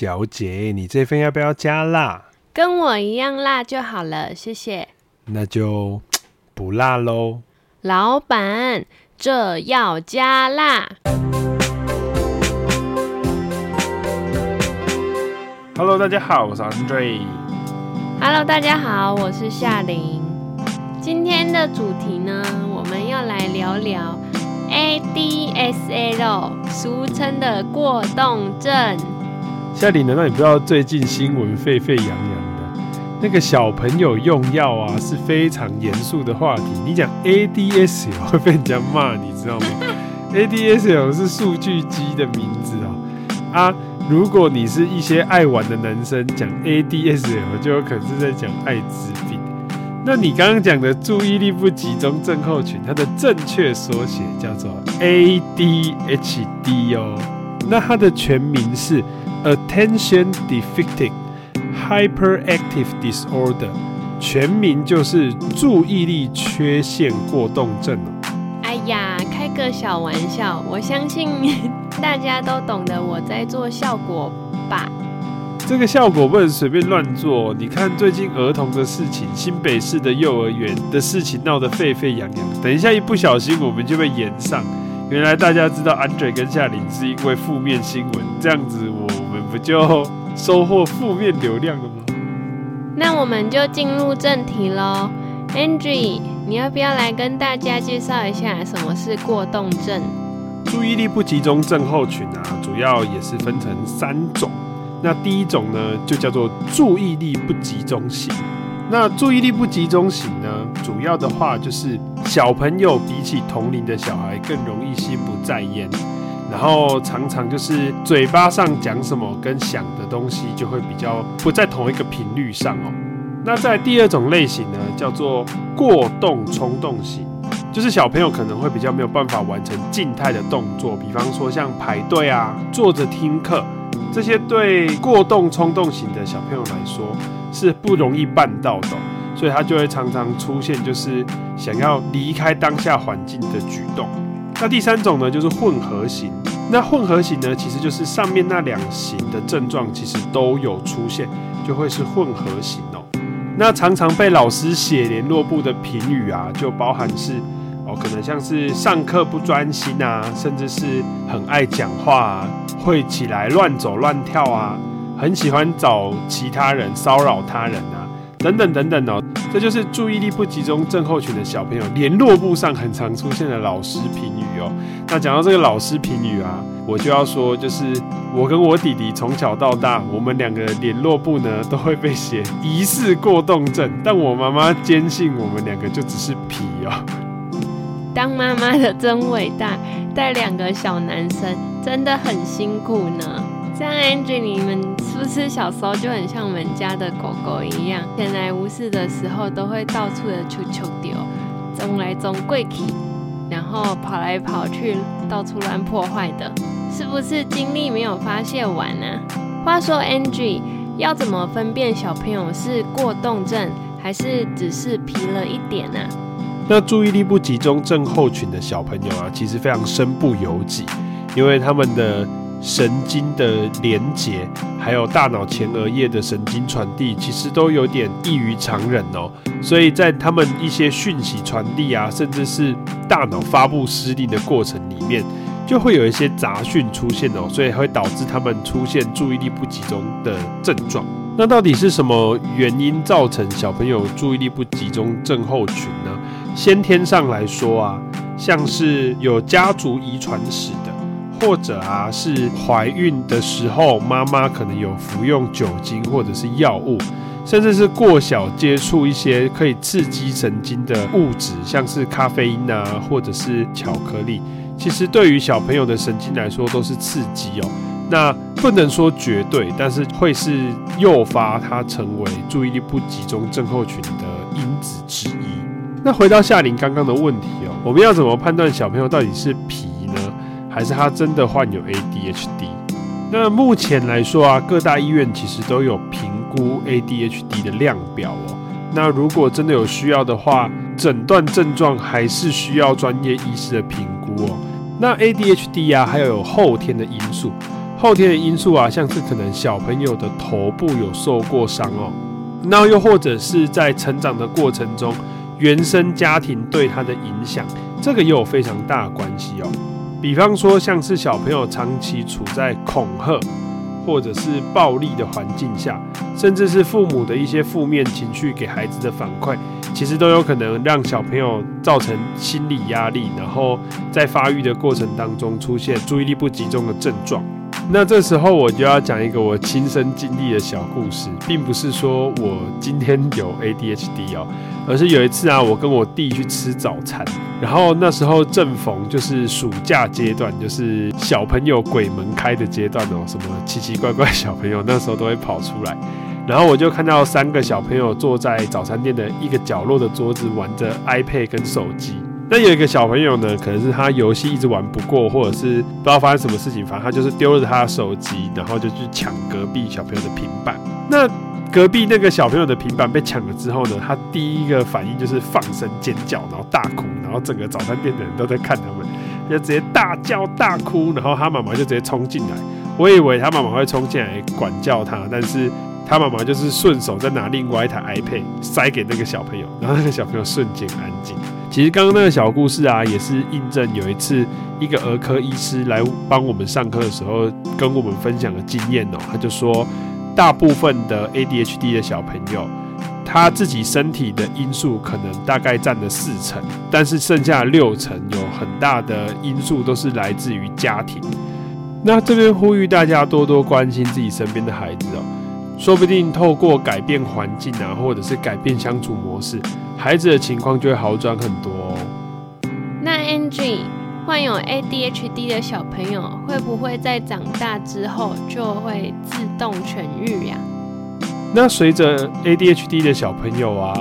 小姐，你這份要不要加辣？跟我一樣辣就好了，謝謝。那就不辣嘍。老闆，這要加辣。Hello，大家好，我是 Andre。Hello，大家好，我是夏琳。今天的主題呢，我們要來聊聊 ADHD，俗稱的過動症。夏禮，難道你不知道最近新聞沸沸揚揚的那個小朋友用藥啊，是非常嚴肅的話題？你講 A D S L 會被人家罵，你知道嗎？A D S L 是數據機的名字啊、哦。啊，如果你是一些愛玩的男生，講 A D S L 就有可能是在講艾滋病。那你剛剛講的注意力不集中症候群，它的正確縮寫叫做 A D H D 哦。那它的全名是 Attention Deficit Hyperactive Disorder，全名就是注意力缺陷過動症。哎呀，開個小玩笑，我相信大家都懂得我在做效果吧？這個效果不能隨便亂做哦。你看最近兒童的事情，新北市的幼兒園的事情鬧得沸沸揚揚，等一下一不小心我們就被演上。原來大家知道 Andre 跟夏琳是因為負面新聞，這樣子我們不就收穫負面流量了嗎？那我們就進入正題嘍。Andre，你要不要來跟大家介紹一下什麼是過動症？注意力不集中症候群啊，主要也是分成三種。那第一種呢，就叫做注意力不集中型。那注意力不集中型呢，主要的話就是小朋友比起同齡的小孩更容易心不在焉，然後常常就是嘴巴上講什麼跟想的東西就會比較不在同一個頻率上哦。那在第二種類型呢，叫做過動衝動型，就是小朋友可能會比較沒有辦法完成靜態的動作，比方說像排隊啊、坐着聽課這些，對過動衝動型的小朋友來說，是不容易辦到的哦，所以他就會常常出現，就是想要離開當下環境的舉動。那第三種呢，就是混合型。那混合型呢，其實就是上面那兩型的症狀，其實都有出現，就會是混合型哦。那常常被老師寫聯絡簿的評語啊，就包含是哦，可能像是上課不專心啊，甚至是很愛講話啊，會起來亂走亂跳啊。很喜歡找其他人騷擾他人啊，等等等等哦，這就是注意力不集中症候群的小朋友聯絡簿上很常出現的老師評語哦。那講到這個老師評語啊，我就要說，就是我跟我弟弟從小到大，我們兩個聯絡簿呢都會被寫疑似過動症，但我媽媽堅信我們兩個就只是皮哦。當媽媽的真偉大，帶兩個小男生真的很辛苦呢。像 Angie 你們。是不是小時候就很像我們家的狗狗一樣，閒來無事的時候都會到處的出出丟，撞來撞櫃子，然後跑來跑去，到處亂破壞的，是不是精力沒有發泄完呢、啊？話說，Angie，要怎麼分辨小朋友是過動症還是只是皮了一點呢、啊？那注意力不集中症候群的小朋友啊，其實非常身不由己，因為他們的。神經的連接，還有大腦前額葉的神經傳遞，其實都有點異於常人哦。所以在他們一些訊息傳遞啊，甚至是大腦發布指令的過程裡面，就會有一些雜訊出現哦，所以會導致他們出現注意力不集中的症狀。那到底是什麼原因造成小朋友注意力不集中症候群呢？先天上來說啊，像是有家族遺傳史的。或者啊，是懷孕的時候，媽媽可能有服用酒精或者是藥物，甚至是過小接觸一些可以刺激神經的物質，像是咖啡因啊，或者是巧克力。其實對於小朋友的神經來說，都是刺激哦。那不能說絕對，但是會是誘發他成為注意力不集中症候群的因子之一。那回到夏琳剛剛的問題哦，我們要怎麼判斷小朋友到底是皮？還是他真的患有 ADHD？那目前來說啊，各大醫院其實都有評估 ADHD 的量表哦。那如果真的有需要的話，診斷症狀還是需要專業醫師的評估哦。那 ADHD 啊，還有後天的因素，後天的因素啊，像是可能小朋友的頭部有受過傷哦，那又或者是在成長的過程中，原生家庭對他的影響，這個也有非常大的關係哦。比方說，像是小朋友長期處在恐嚇或者是暴力的環境下，甚至是父母的一些負面情緒給孩子的反饋，其實都有可能讓小朋友造成心理壓力，然後在發育的過程當中出現注意力不集中的症狀。那這時候我就要講一個我親身經歷的小故事，並不是說我今天有 ADHD 哦，而是有一次啊，我跟我弟去吃早餐，然後那時候正逢就是暑假階段，就是小朋友鬼門開的階段哦，什麼奇奇怪怪小朋友那時候都會跑出來，然後我就看到三個小朋友坐在早餐店的一個角落的桌子，玩着 iPad 跟手機。那有一個小朋友呢，可能是他遊戲一直玩不過，或者是不知道發生什麼事情，反正他就是丟了他的手機，然後就去搶隔壁小朋友的平板。那隔壁那個小朋友的平板被搶了之後呢，他第一個反應就是放聲尖叫，然後大哭，然後整個早餐店的人都在看他們，就直接大叫大哭，然後他媽媽就直接衝進來。我以為他媽媽會衝進來管教他，但是。他媽媽就是順手再拿另外一台 iPad 塞給那個小朋友，然後那個小朋友瞬間安靜。其實剛剛那個小故事啊，也是印證有一次一個兒科醫師來幫我們上課的時候，跟我們分享的經驗哦。他就說，大部分的 ADHD 的小朋友，他自己身體的因素可能大概占了四成，但是剩下的六成有很大的因素都是來自於家庭。那這邊呼籲大家多多關心自己身邊的孩子哦。說不定透過改變環境啊，或者是改變相處模式，孩子的情況就會好轉很多哦。那 Angie，患有 ADHD 的小朋友會不會在長大之後就會自動痊癒呀、啊？那隨着 ADHD 的小朋友啊，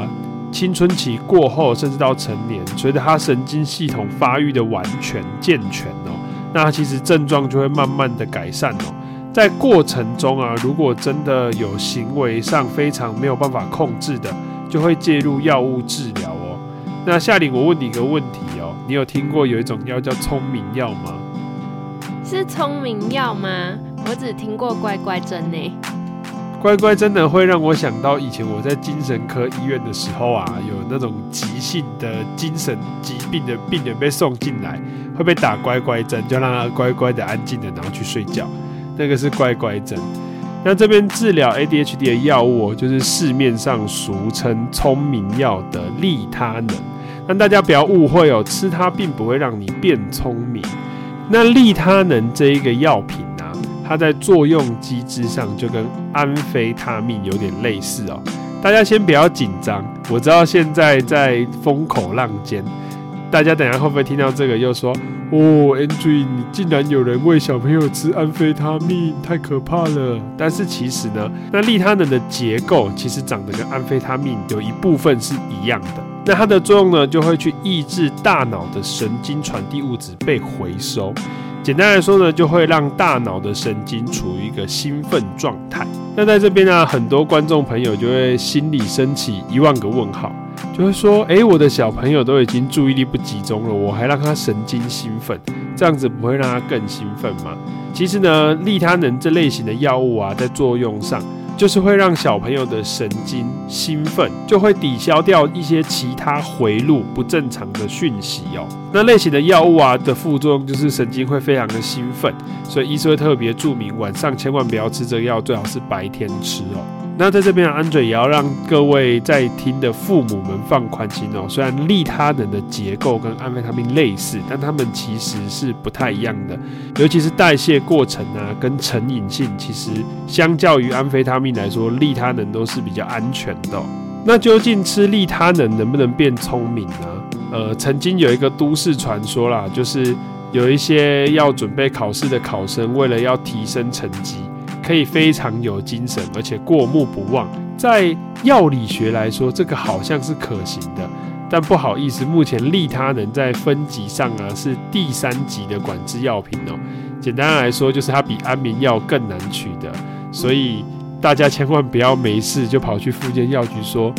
青春期過後，甚至到成年，隨着他神經系統發育的完全健全哦，那其實症狀就會慢慢的改善哦。在過程中啊，如果真的有行為上非常沒有辦法控制的，就會介入藥物治療哦。那夏玲，我問你一個問題哦，你有聽過有一種藥叫聰明藥嗎？是聰明藥嗎？我只聽過乖乖針呢、欸。乖乖針的會讓我想到以前我在精神科醫院的時候啊，有那種急性的精神疾病的病人被送進來，會被打乖乖針，就讓他乖乖的、安靜的，然後去睡覺。那個是乖乖症，那這邊治療 ADHD 的藥物、喔，就是市面上俗稱“聰明藥”的利他能。但大家不要誤會哦、喔，吃它並不會讓你變聰明。那利他能這一個藥品呢、啊，它在作用機制上就跟安非他命有點類似哦、喔。大家先不要緊張，我知道現在在風口浪尖。大家等一下會不會聽到這個又說哦，Angie，你竟然有人餵小朋友吃安非他命，太可怕了！但是其實呢，那利他能的結構其實長得跟安非他命有一部分是一樣的。那它的作用呢，就會去抑制大腦的神經傳遞物質被回收。簡單來說呢，就會讓大腦的神經處於一個興奮狀態。那在這邊呢、啊，很多觀眾朋友就會心裡升起一萬個問號。就會說，欸，我的小朋友都已經注意力不集中了，我還讓他神經興奮，這樣子不會讓他更興奮嗎？其實呢，利他能這類型的藥物啊，在作用上就是會讓小朋友的神經興奮，就會抵消掉一些其他回路不正常的訊息喔。那類型的藥物啊的副作用就是神經會非常的興奮，所以醫生會特別注明晚上千萬不要吃這個藥，最好是白天吃喔。那在這邊，安准也要讓各位在聽的父母們放寬心哦、喔。雖然利他能的結構跟安非他命類似，但他們其實是不太一樣的，尤其是代謝過程啊，跟成癮性，其實相較於安非他命來說，利他能都是比較安全的、喔。那究竟吃利他能能不能變聰明呢？呃，曾經有一個都市傳說啦，就是有一些要準備考試的考生，為了要提升成績。可以非常有精神，而且過目不忘。在藥理學來說，這個好像是可行的，但不好意思，目前利他能在分級上啊是第三級的管制藥品哦。簡單來說，就是它比安眠藥更難取得，所以大家千萬不要沒事就跑去附近藥局說：“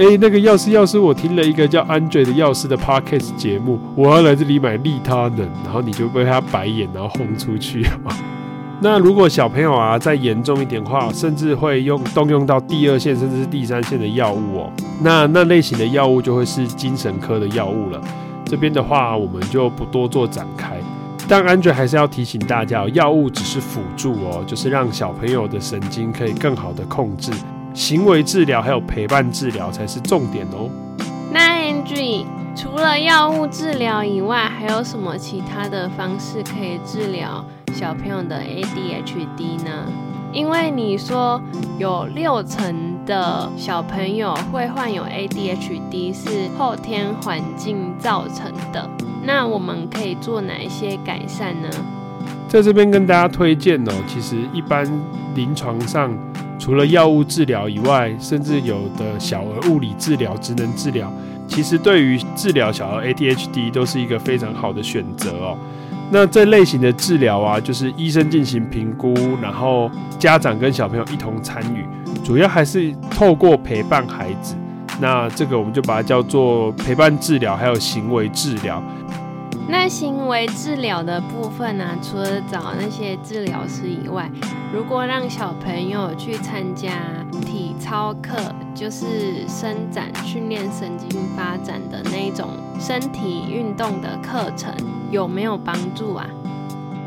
哎，那個藥師藥師，我聽了一個叫安瑞的藥師的 podcast 節目，我要來這裡買利他能。”然後你就被他白眼，然後轟出去哦。那如果小朋友啊再嚴重一點的話，甚至會用動用到第二線甚至是第三線的藥物哦。那那類型的藥物就會是精神科的藥物了。這邊的話，我們就不多做展開。但安吉還是要提醒大家哦，藥物只是輔助哦，就是讓小朋友的神經可以更好的控制。行為治療還有陪伴治療才是重點哦。那安吉，除了藥物治療以外，還有什麼其他的方式可以治療？小朋友的 ADHD 呢？因為你說有六成的小朋友會患有 ADHD，是後天環境造成的。那我們可以做哪一些改善呢？在這邊跟大家推薦哦，其實一般臨床上除了藥物治療以外，甚至有的小兒物理治療、職能治療，其實對於治療小兒 ADHD 都是一個非常好的選擇哦。那這類型的治療啊，就是醫生進行評估，然後家長跟小朋友一同參與，主要還是透過陪伴孩子。那這個我們就把它叫做陪伴治療，還有行為治療。那行為治療的部分呢？除了找那些治療師以外，如果讓小朋友去參加體操課，就是伸展訓練神經發展的那一種身體運動的課程，有沒有幫助啊？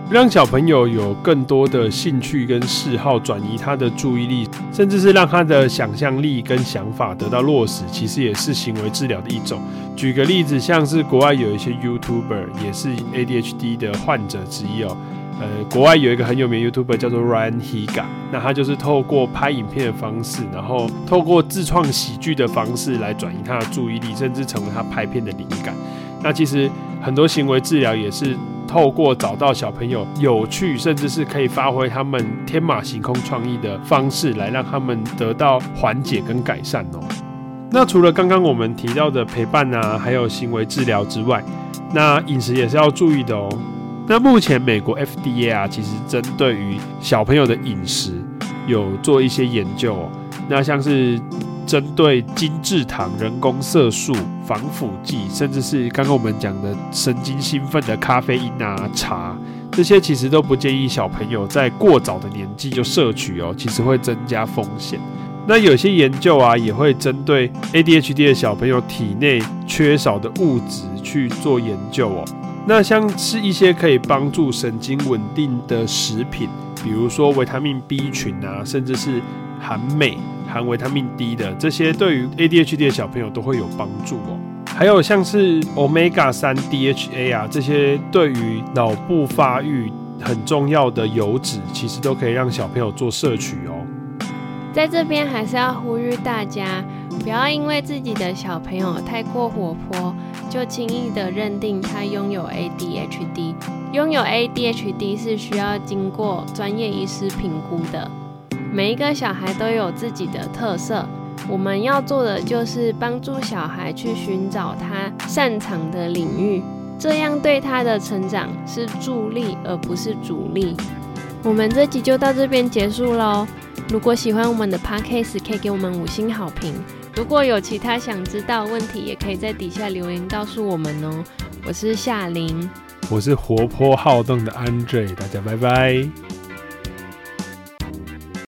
讓小朋友有更多的興趣跟嗜好，轉移他的注意力，甚至是讓他的想象力跟想法得到落實，其實也是行為治療的一種。舉個例子，像是國外有一些 YouTuber 也是 ADHD 的患者之一哦。呃，國外有一個很有名的 YouTuber 叫做 Ryan Higa，那他就是透過拍影片的方式，然後透過自創喜劇的方式來轉移他的注意力，甚至成為他拍片的靈感。那其實很多行為治療也是透過找到小朋友有趣，甚至是可以發揮他們天馬行空創意的方式，來讓他們得到緩解跟改善哦。那除了剛剛我們提到的陪伴啊，還有行為治療之外，那飲食也是要注意的哦。那目前美國 FDA 啊，其實針對於小朋友的飲食有做一些研究哦。那像是。針對精製糖、人工色素、防腐劑，甚至是剛剛我們講的神經興奮的咖啡因啊、茶，這些其實都不建議小朋友在過早的年紀就攝取哦，其實會增加風險。那有些研究啊，也會針對 ADHD 的小朋友體內缺少的物質去做研究哦。那像是一些可以幫助神經穩定的食品，比如說維他命 B 群啊，甚至是含鎂。含維他命 D 的這些，對於 ADHD 的小朋友都會有幫助哦。還有像是 Omega 三 DHA 啊，這些對於腦部發育很重要的油脂，其實都可以讓小朋友做攝取哦。在這邊還是要呼籲大家，不要因為自己的小朋友太過活潑，就輕易的認定他擁有 ADHD。擁有 ADHD 是需要經過專業醫師評估的。每一個小孩都有自己的特色，我們要做的就是幫助小孩去尋找他擅長的領域，這樣對他的成長是助力而不是阻力。我們這集就到這邊結束嘍。如果喜歡我們的 Podcast，可以給我們五星好評。如果有其他想知道的問題，也可以在底下留言告訴我們哦。我是夏琳，我是活潑好動的 Andre，大家拜拜。